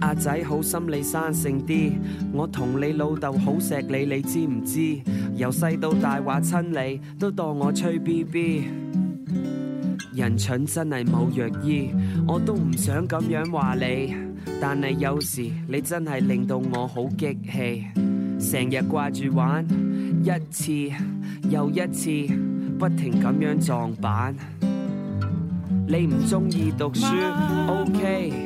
阿仔，好心你生性啲，我同你老豆好錫你，你知唔知？由細到大話親你，都當我吹 B B。人蠢真係冇藥醫，我都唔想咁樣話你，但係有時你真係令到我好激氣，成日掛住玩，一次又一次，不停咁樣撞板。你唔中意讀書，媽媽，OK。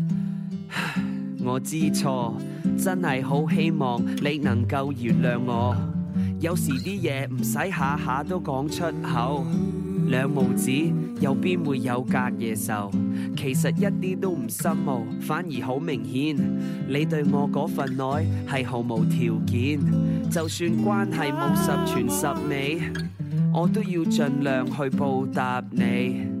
我知錯，真係好希望你能夠原諒我。有時啲嘢唔使下下都講出口，兩母子又邊會有隔夜仇？其實一啲都唔深奧，反而好明顯。你對我嗰份愛係毫無條件，就算關係冇十全十美，我都要盡量去報答你。